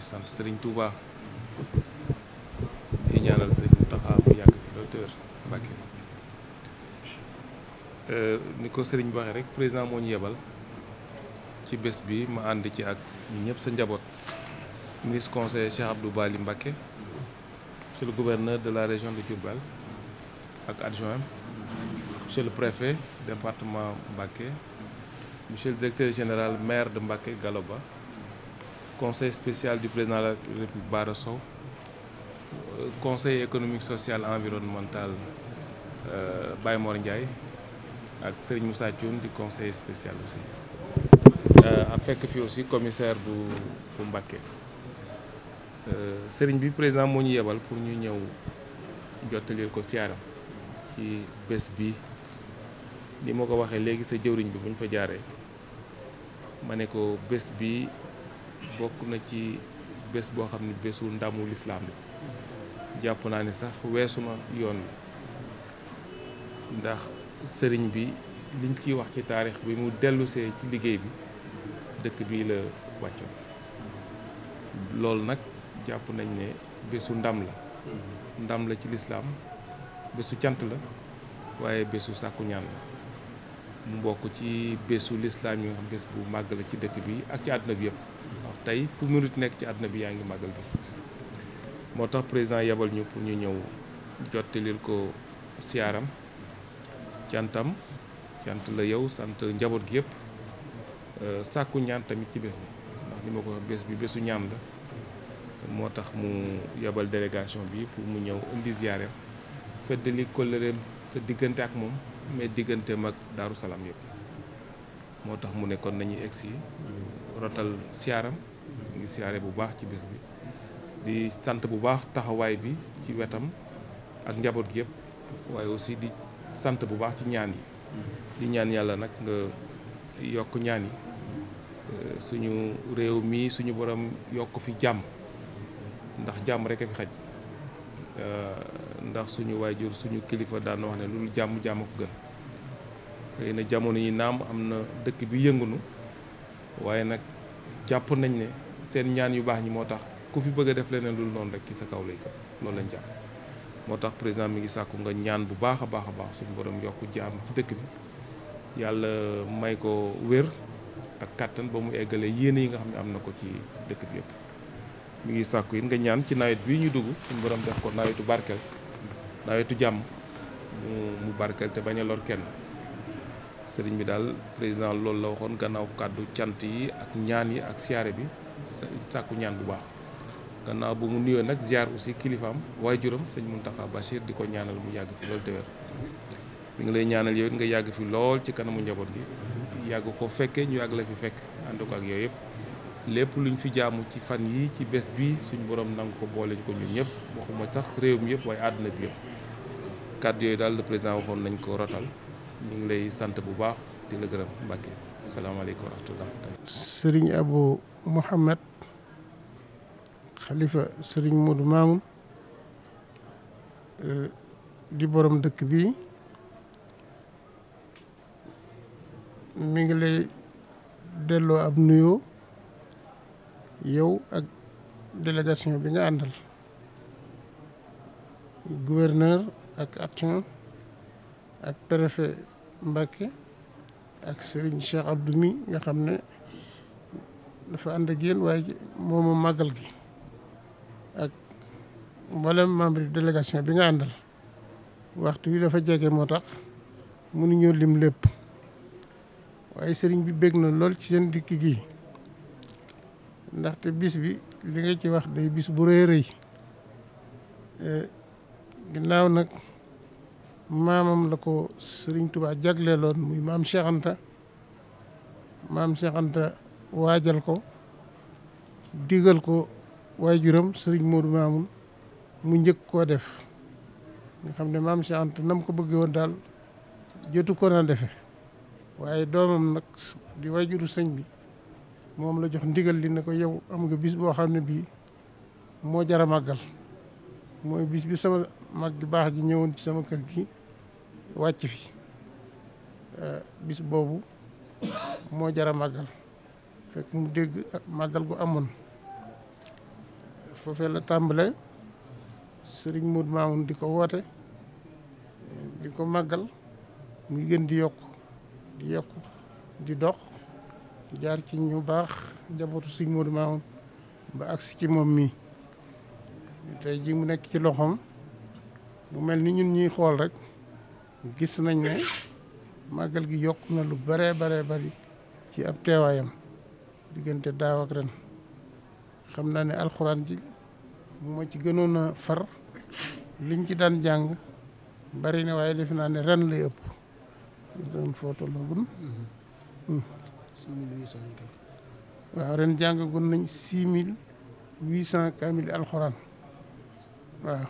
sant sëriñ Touba di ñaanal sëriñ Mountakha mu yàgg fi loolu euh, ni ko sëriñ bi waxee rek président moo ñu yebal ci bés bi ma ànd ci ak ñun ñëpp sa njaboot ministre conseiller Cheikh Abdou Bali Mbacke monsieur le gouverneur de la région de Diourbel ak adjoint monsieur le préfet département Mbacke monsieur le directeur général maire de Mbacke ba conseil spécial du président de la République Bara Sow conseil économique social environnemental euh, Baye Mor Ndiaye ak Serigne Moussa Thioune di conseil spécial aussi euh, ak fekk fi aussi commissaire bu bu Mbacké euh, Serigne bi président moo ñu yebal pour ñu ñëw jottalil ko siyaaram ci bés bi li ma ko waxee léegi sa jëwriñ bi bu ñu fa jaaree ma ne ko bés bi bokk na ci bés boo xam ne bésu ndamu lislaam la jàpp naa ni sax weesuma yoon bi ndax sëriñ bi liñ ciy wax ci taarix bi mu dellusee ci liggéey bi dëkk bii la wàccoon loolu nag jàpp nañ ne bésu ndam la ndam la ci lislaam bésu cant la waaye bésu sàkku ñaan la mu bokk ci bésu lislaam yi nga xam bés bu màgg la ci dëkk bi ak ci àdduna bi yëpp wax tey fu murit nekk ci àdduna bi yaa ngi màggal bis moo tax président yabal ñu pour ñu ñëw jottalil ko siyaaram cantam cant la yow sant njaboot gi yëpp euh, sàkku ñaan tamit ci bés bi ndax ni ma ko bés bi bésu ñaan la moo tax mu yabal délégation bi pour mu ñëw indi ziyaareem feddali kóllëreem sa diggante ak moom mais digganteem ak Daaru Salaam yëpp moo tax mu ne kon nañuy egsi rotal siyaaram ngi siyaare bu baax ci bés bi di sant bu baax taxawaay bi ci wetam ak njaboot gi yëpp waaye aussi di sant bu baax ci ñaan yi di ñaan yàlla nag nga yokk ñaan yi euh, suñu réew mii suñu boroom yokk fi jàmm ndax jàmm rek a fi xaj euh, ndax suñu waajur suñu kilifa daan wax ne loolu jàmm jàmm ko gën xëy na jamono yi naam am na dëkk bi yëngunu waaye nag jàpp nañ ne seen ñaan yu baax ñi moo tax ku fi bëgg a def leneen lu noonu rek ci sa kaw lay kaw loolu lañ jàpp moo tax président mi ngi sàkku nga ñaan bu baax a baax a baax suñu borom yokk jaam ci dëkk bi yàlla may ko wér ak kàttan ba mu eggalee yéene yi nga xam ne am na ko ci dëkk yëpp mi ngi sàkku it nga ñaan ci nawet bii ñu dugg suñu borom def ko nawetu barkeel nawetu jàmm mu mu barkeel te bañ a lor kenn sëriñ bi daal président loolu la waxoon gannaaw kàddu cant yi ak ñaan yi ak siyaare bi sàkku ñaan bu baax gannaaw bu mu nuyoo nag ziar aussi kilifaam waajuram sëñ Mountakha Bachir di ko ñaanal mu yàgg fi loolu te wér mi ngi lay ñaanal yow nga yàgg fi lool ci kanamu njaboot gi yàgg ko fekkee ñu yàgg la fi fekk ànd ko ak yooyu yëpp lépp luñ fi jaamu ci fan yi ci bés bi suñ borom nangu ko boole ko ñun ñëpp waxuma sax réew mi yëpp waaye àdduna bi yëpp kàddu daal le président waxoon nañ ko rotal mu ngi lay sant bu baax di la gërëm Mbacke salaamaaleykum wa rahmatullah. Serigne Abou Mouhamed xalifa Serigne euh, di borom dëkk bi mi ngi lay delloo ab nuyoo yow ak délégation bi nga àndal gouverneur ak action. ak préfet Mbacké ak sëriñ Cheikh Abdou mi nga xam ne dafa ànd ak yéen waaye moomu màggal gi ak mboolem membre délégation bi nga àndal waxtu wi dafa jege moo tax mënuñoo lim lépp waaye sëriñ bi bég na lool ci seen dikk gi ndaxte bis bi li nga ci wax day bis bu rëy rëy eh, ginnaaw nag maamam la ko sëriñ tubaa Tuubaa jagleeloon muy maam Cheikh Anta maam Cheikh waajal ko digal ko waajuram sëriñ Moodu Maamun mu njëkk koo def nga xam ne maam Cheikh nam ko bëggee woon daal jotu ko na defe waaye doomam nag di waajuru sëñ bi moom la jox ndigal li ne ko yow am nga bis boo xam ne bii moo jara màggal mooy bis bi sama mag gi baax ji ñëwoon ci sama kër gi wàcc fi euh, bis boobu moo jara màggal fekk mu dégg màggal gu amoon foofee la tàmbale sëriñ Modou Mamoun di ko woote di ko màggal muy gën di yokk di yokk di dox jaar ci ñu baax njabootu sëriñ Modou Mamoun ba agsi ci moom mii tey ji mu nekk ci loxoom mu mel ni ñun ñuy xool rekk gis nañ ne màggal gi yokk na lu bëree baree bari ci ab teewaayam diggante daaw ren xam naa ne alxuraan ji moo ci gënoon a far liñ ci daan jàng bari ne waaye def naa ne ren lay ëpp doon footo loogun mm-hmm. mm. waaw ren jàngagun nañ six mille huit cent kaamil alxuraan waaw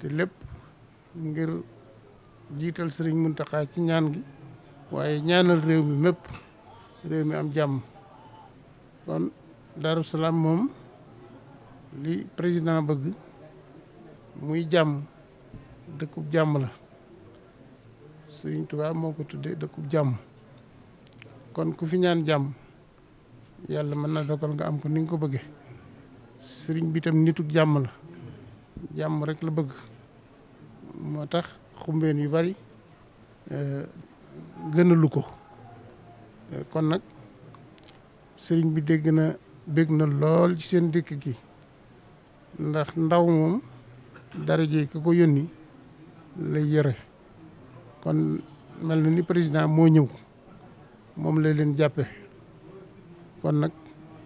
te lépp ngir jiital sëriñ Muntaxa ci ñaan gi waaye ñaanal réew mi mépp réew mi am jàmm kon Daaru Salaam moom li président bëgg muy jàmm dëkku jàmm la sëriñ tubaab moo ko tuddee dëkku jàmm kon ku fi ñaan jàmm yàlla mën na dogal nga am ko ni nga ko bëggee sëriñ bi tam nituk jàmm la jàmm rek la bëgg moo tax xumbeen yu bari euh, gënalu ko euh, kon nag sëriñ bi dégg na bég na lool ci seen dikk gi ndax ndaw moom daraje ka ko yónni lay yore kon mel na ni président moo ñëw moom lay leen jàppe kon nag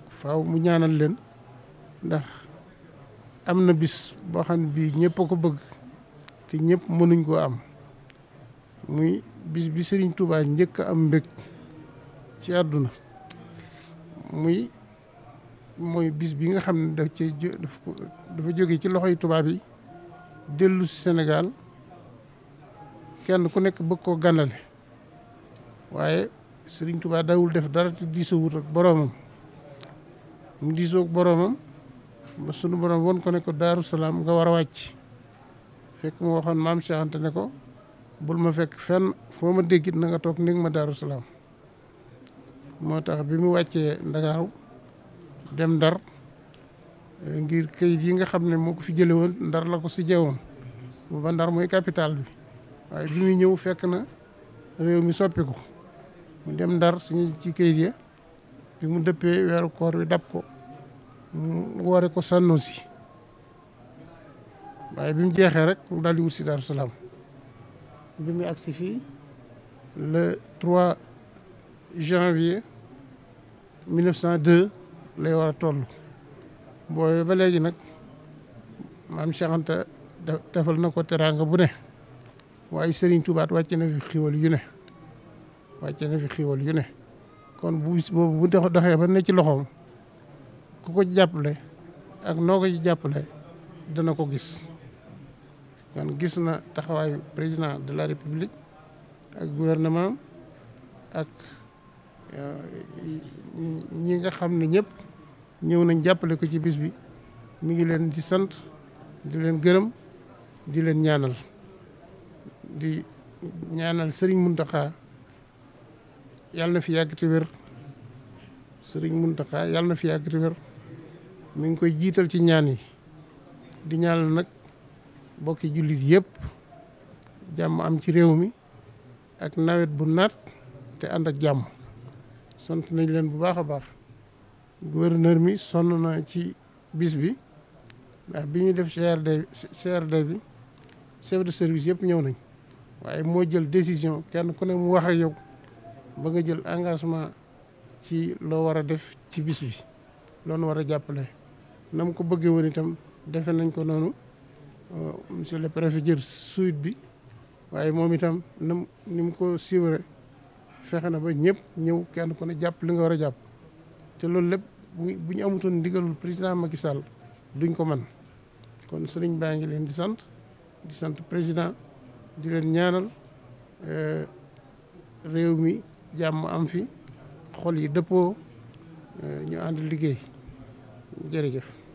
faw mu ñaanal leen ndax am na bis boo xam ne bii ñëpp ko bëgg te ñëpp mënuñ koo am muy bis bi sëriñ tubaa njëkk am mbég ci àdduna muy mooy bis bi nga xam ne daf cee dafa jóge ci loxoy tubaab yi dellu si senegal kenn ku nekk bëgg koo gànnale waaye sëriñ tubaa dawul def dara te diisoowut ak boroomam mu diisoo boroomam ba sunu boroom won ko nekk ko Daaru Salaam nga war a wàcc fekk mu waxoon maam Cheikh ne ko bul ma fekk fenn foo ma déggit na nga toog néeg ma Daaru Salaam moo tax bi mu wàccee Ndakaaru dem Ndar eh, ngir këyit yi nga xam ne moo ko fi jële woon Ndar la ko si jeewoon ba Ndar mooy capital bi waaye bi muy ñëw fekk na réew mi soppi ko mu dem Ndar suñu ci këyit ya bi mu dëppee weeru koor wi dab ko mu woore ko sànnoo si waaye bi mu jeexee rek mu daal di wut si Daaru Salaam bi muy agsi fii le 3 janvier 1902 lay war a toll booy ba léegi nag maam Cheikh defal na ko teraanga bu ne waaye Serigne Touba wàcce na fi xiwal yu ne wàcce na fi xiwal yu ne kon bu bis boobu bu doxee ba ne ci loxoom ku ko jàppale ak noo ko ci jàppale dana ko gis kon gis na taxawaayu président de la république ak gouvernement ak euh, ñi nga xam ne ñëpp ñëw nañ jàppale ko ci bis bi mu ngi leen di sant di leen gërëm di leen ñaanal di ñaanal Serigne Mountakha yàlla na fi yàgg te wér Serigne Mountakha yàlla na fi yàgg te wér mi ngi koy jiital ci ñaan yi di ñaanal nag. bokki jullit yëpp jàmm am ci réew mi ak nawet bu naat te ànd ak jàmm sant nañ leen bu baax a baax gouverneur mi sonn na ci bis bi ndax bi ñu def CRD CRD bi chef de service yëpp ñëw nañ waaye moo jël décision kenn ku ne mu wax a yow ba nga jël engagement ci loo war a def ci bis bi loonu war a jàppale na mu ko bëggee woon itam defe nañ ko noonu Euh, monsieur le préfet jël suite bi waaye moom itam nam ni mu ko siiware fexe na ba ñëpp ñëw kenn ku ne jàpp li nga war a jàpp te loolu lépp bu ñu amutoon ndigalul président Macky Sall duñ ko man kon sëriñ baa ngi leen di sant di sant président di leen ñaanal euh, réew mi jàmm am fi xol yi dëppoo euh, ñu ànd liggéey jërëjëf